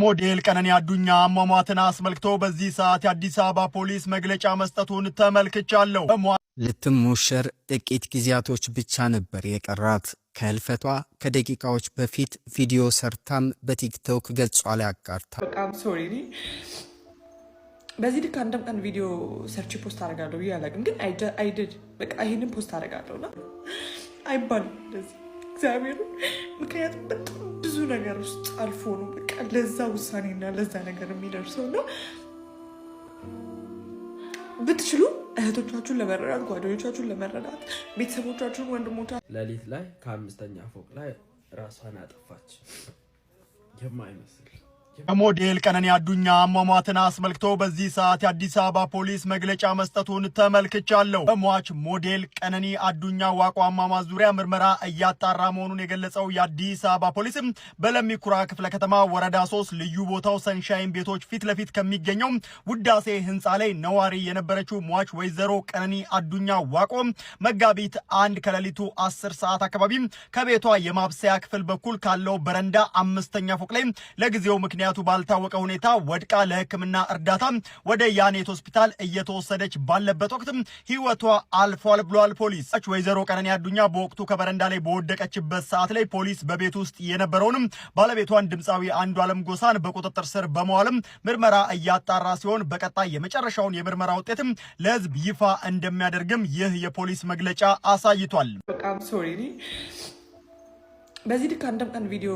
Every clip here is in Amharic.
ሞዴል ቀነኒ አዱኛ አሟሟትን አስመልክቶ በዚህ ሰዓት የአዲስ አበባ ፖሊስ መግለጫ መስጠቱን ተመልክቻለሁ። ልትሞሸር ጥቂት ጊዜያቶች ብቻ ነበር የቀራት። ከህልፈቷ ከደቂቃዎች በፊት ቪዲዮ ሰርታም በቲክቶክ ገጿ ላይ አጋርታ በጣም ሶሪ በዚህ ልክ አንድም ቀን ቪዲዮ ሰርች ፖስት አደርጋለሁ ብዬ ግን አይድድ በቃ ይህንን ፖስት አደርጋለሁ ና አይባልም እንደዚህ እግዚአብሔር ምክንያቱም በጣም ነገር ውስጥ አልፎ ነው በቃ ለዛ ውሳኔና ለዛ ነገር የሚደርሰው እና ብትችሉ እህቶቻችሁን ለመረዳት ጓደኞቻችሁን ለመረዳት ቤተሰቦቻችሁን ወንድሞቻ ሌሊት ላይ ከአምስተኛ ፎቅ ላይ ራሷን አጠፋች የማይመስል ሞዴል ቀነኒ አዱኛ አሟሟትን አስመልክቶ በዚህ ሰዓት የአዲስ አበባ ፖሊስ መግለጫ መስጠቱን ተመልክቻለሁ። በሟች ሞዴል ቀነኒ አዱኛ ዋቆ አሟሟት ዙሪያ ምርመራ እያጣራ መሆኑን የገለጸው የአዲስ አበባ ፖሊስም በለሚኩራ ክፍለ ከተማ ወረዳ ሶስት ልዩ ቦታው ሰንሻይን ቤቶች ፊት ለፊት ከሚገኘው ውዳሴ ህንፃ ላይ ነዋሪ የነበረችው ሟች ወይዘሮ ቀነኒ አዱኛ ዋቆ መጋቢት አንድ ከሌሊቱ አስር ሰዓት አካባቢ ከቤቷ የማብሰያ ክፍል በኩል ካለው በረንዳ አምስተኛ ፎቅ ላይ ለጊዜው ምክንያት ምክንያቱ ባልታወቀ ሁኔታ ወድቃ ለሕክምና እርዳታ ወደ ያኔት ሆስፒታል እየተወሰደች ባለበት ወቅት ህይወቷ አልፏል ብሏል ፖሊስ። ወይዘሮ ቀነኒ አዱኛ በወቅቱ ከበረንዳ ላይ በወደቀችበት ሰዓት ላይ ፖሊስ በቤት ውስጥ የነበረውንም ባለቤቷን ድምፃዊ አንዱ አለም ጎሳን በቁጥጥር ስር በመዋልም ምርመራ እያጣራ ሲሆን በቀጣይ የመጨረሻውን የምርመራ ውጤትም ለህዝብ ይፋ እንደሚያደርግም ይህ የፖሊስ መግለጫ አሳይቷል። በዚህ ልክ አንድም ቀን ቪዲዮ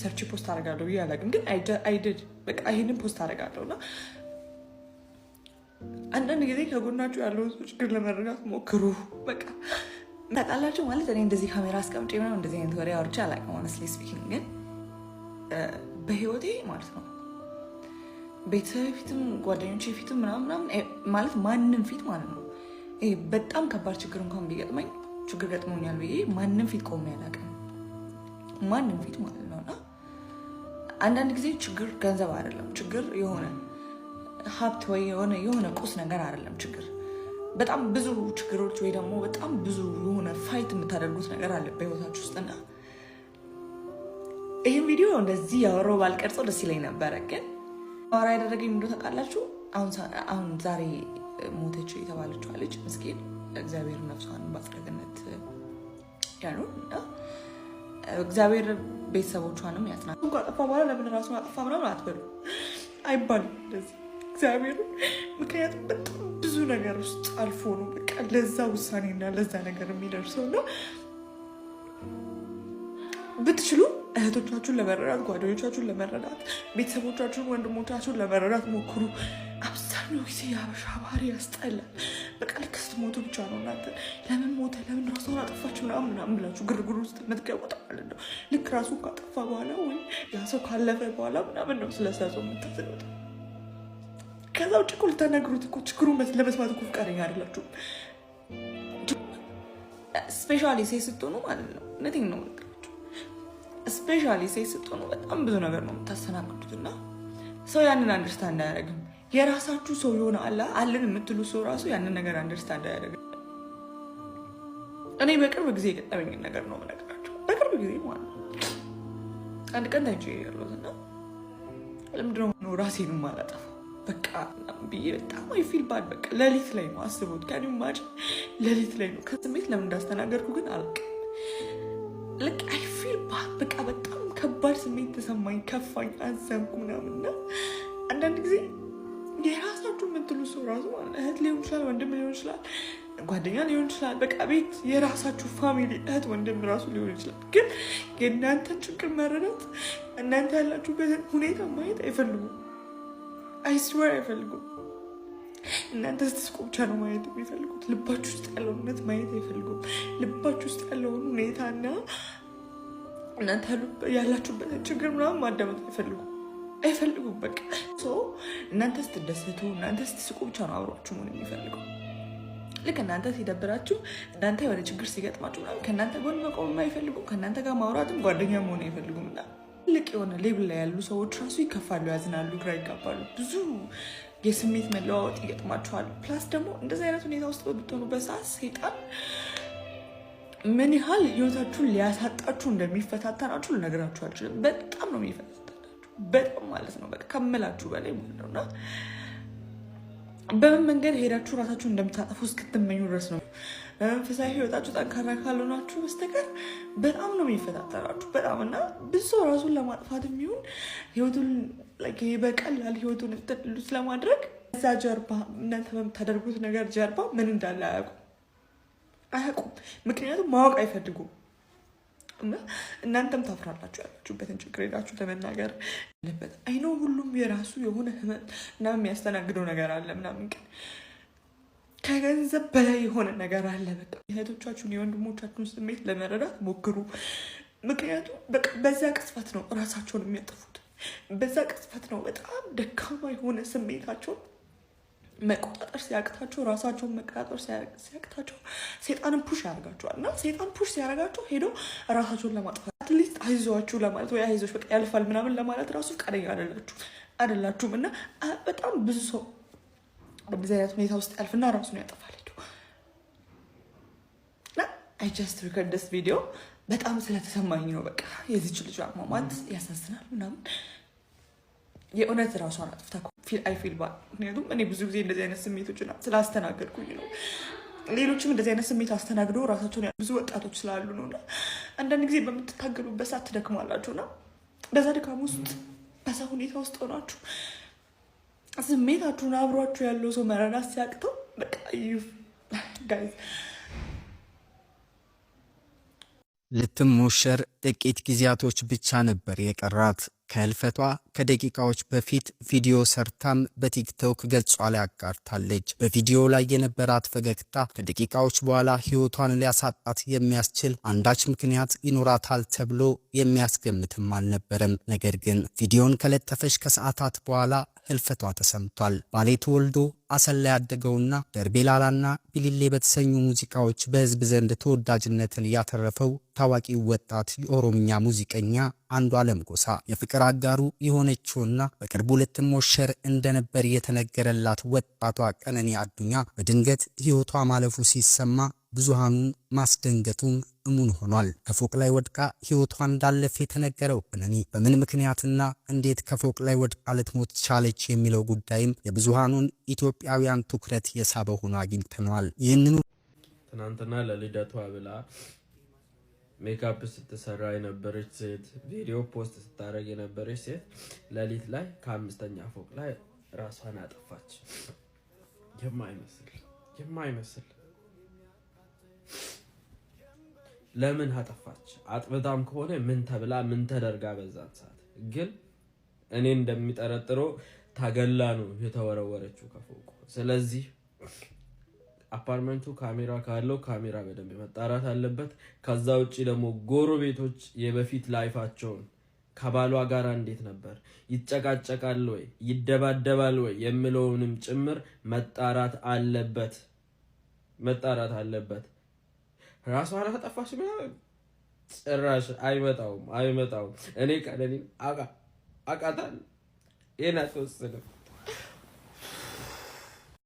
ሰርች ፖስት አደርጋለሁ ብዬ አላውቅም፣ ግን አይድድ በቃ ይህንን ፖስት አደርጋለሁ እና አንዳንድ ጊዜ ከጎናችሁ ያለውን ሰው ችግር ለመረዳት ሞክሩ። በቃ ታውቃላችሁ ማለት እኔ እንደዚህ ካሜራ አስቀምጬ ምናምን እንደዚህ አይነት ወሬ አውርቼ አላውቅም ሆነስሊ ስፒኪንግ፣ ግን በህይወቴ ማለት ነው ቤተሰብ ፊትም ጓደኞች ፊትም ምናምን ምናምን ማለት ማንም ፊት ማለት ነው በጣም ከባድ ችግር እንኳን ቢገጥመኝ ችግር ገጥሞኛል ብዬ ማንም ፊት ቆሜ አላውቅም። ማንም ፊት ማለት ነው። እና አንዳንድ ጊዜ ችግር ገንዘብ አይደለም። ችግር የሆነ ሀብት ወይ የሆነ የሆነ ቁስ ነገር አይደለም። ችግር በጣም ብዙ ችግሮች ወይ ደግሞ በጣም ብዙ የሆነ ፋይት የምታደርጉት ነገር አለ በህይወታችሁ ውስጥና ይህም ቪዲዮ እንደዚህ ያወሮ ባልቀርጸው ደስ ይለኝ ነበረ፣ ግን አወራ ያደረገኝ ምንድን ታውቃላችሁ? አሁን ዛሬ ሞተች የተባለችዋ ልጅ ምስኪን እግዚአብሔር ነፍሷን በአስረገነት ያኑር እና እግዚአብሔር ቤተሰቦቿንም ያጽናል። አጠፋ በኋላ ለምን ራሱን አጠፋ ምናምን አትበሉ አይባልም እንደዚህ እግዚአብሔር። ምክንያቱም በጣም ብዙ ነገር ውስጥ አልፎ ነው በቃ ለዛ ውሳኔና ለዛ ነገር የሚደርሰው እና ብትችሉ እህቶቻችሁን ለመረዳት ጓደኞቻችሁን ለመረዳት ቤተሰቦቻችሁን ወንድሞቻችሁን ለመረዳት ሞክሩ። አብዛኛው ጊዜ የአበሻ ባህሪ ያስጠላል። በቃ ልክ ሞቱ ብቻ ነው እናንተ ለምን ሞተ ለምን ራሷን አጠፋች ምናምን ምናምን ብላችሁ ግርግር ውስጥ የምትገቡት ማለት ነው። ልክ ራሱ ካጠፋ በኋላ ወይ ያ ሰው ካለፈ በኋላ ምናምን ነው ስለዛ ሰው የምታስበው። ከዛ ውጭ እኮ ልታናግሩት እኮ ችግሩ ለመስማት እኮ ፍቃደኛ አይደላችሁም። ስፔሻሊ ሴት ስትሆኑ ማለት ነው እውነቴን ነው የምነግራችሁ። ስፔሻሊ ሴት ስትሆኑ በጣም ብዙ ነገር ነው የምታስተናግዱት እና ሰው ያንን አንደርስታንድ አያደርግም። የራሳችሁ ሰው የሆነ አለ አለን የምትሉ ሰው ራሱ ያንን ነገር አንደርስታንድ አያደርግም። እኔ በቅርብ ጊዜ የገጠመኝን ነገር ነው የምነግራቸው። በቅርብ ጊዜ ማለት ነው። አንድ ቀን ታይቼ ያለት እና ለምንድን ነው ራሴን የማላጠፋው በቃ ብዬ በጣም አይፊል ባድ በቃ ሌሊት ላይ ነው አስቡት። ከኔ ማጭ ሌሊት ላይ ነው ከስሜት ለምን እንዳስተናገርኩ ግን አላውቅም። ልክ አይፊል ባድ በቃ በጣም ከባድ ስሜት ተሰማኝ፣ ከፋኝ፣ አዘንኩ ምናምን እና አንዳንድ ጊዜ የምትሉ ሰው ራሱ እህት ሊሆን ይችላል፣ ወንድም ሊሆን ይችላል፣ ጓደኛ ሊሆን ይችላል። በቃ ቤት የራሳችሁ ፋሚሊ እህት ወንድም ራሱ ሊሆን ይችላል። ግን የእናንተን ችግር መረዳት እናንተ ያላችሁበትን ሁኔታ ማየት አይፈልጉም። አይስወር አይፈልጉም። እናንተ ስትስቁ ብቻ ነው ማየት የሚፈልጉት። ልባችሁ ውስጥ ያለውን እውነት ማየት አይፈልጉም። ልባችሁ ውስጥ ያለውን ሁኔታና እናንተ ያላችሁበትን ችግር ምናምን ማዳመጥ አይፈልጉም። አይፈልጉም። በቃ እናንተ ስትደሰቱ፣ እናንተ ስትስቁ ብቻ ነው አብሯችሁ መሆን የሚፈልገው። ልክ እናንተ ሲደብራችሁ፣ እናንተ የሆነ ችግር ሲገጥማችሁ ከእናንተ ጎን መቆም አይፈልጉም። ከእናንተ ጋር ማውራትም ጓደኛ መሆን አይፈልጉም እና ትልቅ የሆነ ሌብል ላይ ያሉ ሰዎች ራሱ ይከፋሉ፣ ያዝናሉ፣ ግራ ይጋባሉ። ብዙ የስሜት መለዋወጥ ይገጥማችኋል። ፕላስ ደግሞ እንደዚህ አይነት ሁኔታ ውስጥ በምትሆኑበት ሰዓት ሰይጣን ምን ያህል ህይወታችሁን ሊያሳጣችሁ እንደሚፈታተናችሁ ልነግራችሁ አልችልም። በጣም ነው የሚፈ በጣም ማለት ነው በቃ ከምላችሁ በላይ ምን ነው። እና በምን መንገድ ሄዳችሁ ራሳችሁን እንደምታጠፉ እስክትመኙ ድረስ ነው። በመንፈሳዊ ህይወታችሁ ጠንካራ ካልሆናችሁ በስተቀር በጣም ነው የሚፈታተናችሁ። በጣም እና ብዙ ሰው ራሱን ለማጥፋት የሚሆን ህይወቱን በቀላል ህይወቱን ትሉት ለማድረግ እዛ ጀርባ እናንተ በምታደርጉት ነገር ጀርባ ምን እንዳለ አያውቁም አያውቁም። ምክንያቱም ማወቅ አይፈልጉም። እና እናንተም ታፍራላችሁ ያላችሁበትን ችግር ሄዳችሁ ለመናገር አለበት። አይኖ ሁሉም የራሱ የሆነ ህመም እና የሚያስተናግደው ነገር አለ ምናምን፣ ግን ከገንዘብ በላይ የሆነ ነገር አለ። በቃ የእህቶቻችሁን የወንድሞቻችሁን ስሜት ለመረዳት ሞክሩ። ምክንያቱም በዛ ቅጽበት ነው እራሳቸውን የሚያጠፉት። በዛ ቅጽበት ነው በጣም ደካማ የሆነ ስሜታቸውን መቆጣጠር ሲያቅታቸው ራሳቸውን መቆጣጠር ሲያቅታቸው ሴጣንን ፑሽ ያደርጋቸዋል እና ሴጣን ፑሽ ሲያደርጋቸው ሄዶ ራሳቸውን ለማጥፋት አትሊስት አይዟችሁ ለማለት ወይ አይዞች በቃ ያልፋል ምናምን ለማለት ራሱ ፈቃደኛ አደላችሁ አይደላችሁም እና በጣም ብዙ ሰው በዚህ አይነት ሁኔታ ውስጥ ያልፍና ራሱን ያጠፋል ሄደው እና አይ ጀስት ሪከርድ ቪዲዮ በጣም ስለተሰማኝ ነው። በቃ የዚች ልጅ አሟሟት ያሳዝናል ምናምን የእውነት ራሷን አጥፍታ ፊል አይፊል ባል። ምክንያቱም እኔ ብዙ ጊዜ እንደዚህ አይነት ስሜቶች ስላስተናገድኩኝ ነው። ሌሎችም እንደዚህ አይነት ስሜት አስተናግደው ራሳቸውን ብዙ ወጣቶች ስላሉ ነው። እና አንዳንድ ጊዜ በምትታገሉበት ሰዓት ትደክማላችሁ እና በዛ ድካም ውስጥ በዛ ሁኔታ ውስጥ ሆናችሁ ስሜታችሁን አብሯችሁ ያለው ሰው መረዳት ሲያቅተው በቃ ጋይዝ ልትሞሸር ጥቂት ጊዜያቶች ብቻ ነበር የቀራት። ከህልፈቷ ከደቂቃዎች በፊት ቪዲዮ ሰርታም በቲክቶክ ገጿ ላይ አጋርታለች። በቪዲዮ ላይ የነበራት ፈገግታ ከደቂቃዎች በኋላ ህይወቷን ሊያሳጣት የሚያስችል አንዳች ምክንያት ይኖራታል ተብሎ የሚያስገምትም አልነበረም። ነገር ግን ቪዲዮን ከለጠፈች ከሰዓታት በኋላ ህልፈቷ ተሰምቷል። ባሌ ተወልዶ አሰላ ያደገውና ደርቤላላና ቢሊሌ በተሰኙ ሙዚቃዎች በህዝብ ዘንድ ተወዳጅነትን ያተረፈው ታዋቂ ወጣት የኦሮምኛ ሙዚቀኛ አንዱ አለም ጎሳ የፍቅር አጋሩ የሆነችውና በቅርቡ ልትሞሸር እንደነበር የተነገረላት ወጣቷ ቀነኒ አዱኛ በድንገት ህይወቷ ማለፉ ሲሰማ ብዙሃኑን ማስደንገቱም እሙን ሆኗል። ከፎቅ ላይ ወድቃ ሕይወቷ እንዳለፈ የተነገረው ብነኒ በምን ምክንያትና እንዴት ከፎቅ ላይ ወድቃ ልትሞት ቻለች የሚለው ጉዳይም የብዙሃኑን ኢትዮጵያውያን ትኩረት የሳበ ሆኖ አግኝተነዋል። ይህንኑ ትናንትና ለልደቷ ብላ ሜካፕ ስትሰራ የነበረች ሴት፣ ቪዲዮ ፖስት ስታደረግ የነበረች ሴት ሌሊት ላይ ከአምስተኛ ፎቅ ላይ ራሷን አጠፋች። የማይመስል የማይመስል ለምን አጠፋች? አጥብታም ከሆነ ምን ተብላ ምን ተደርጋ? በዛት ሰዓት ግን እኔ እንደሚጠረጥረው ታገላ ነው የተወረወረችው ከፎቁ። ስለዚህ አፓርትመንቱ ካሜራ ካለው ካሜራ በደንብ መጣራት አለበት። ከዛ ውጭ ደግሞ ጎረቤቶች የበፊት ላይፋቸውን ከባሏ ጋር እንዴት ነበር ይጨቃጨቃል ወይ ይደባደባል ወይ የሚለውንም ጭምር መጣራት አለበት መጣራት አለበት። ራሱ አላጠፋሽ ምናምን ጭራሽ አይመጣውም አይመጣውም። እኔ አቃ አቃታል ይህን አትወስንም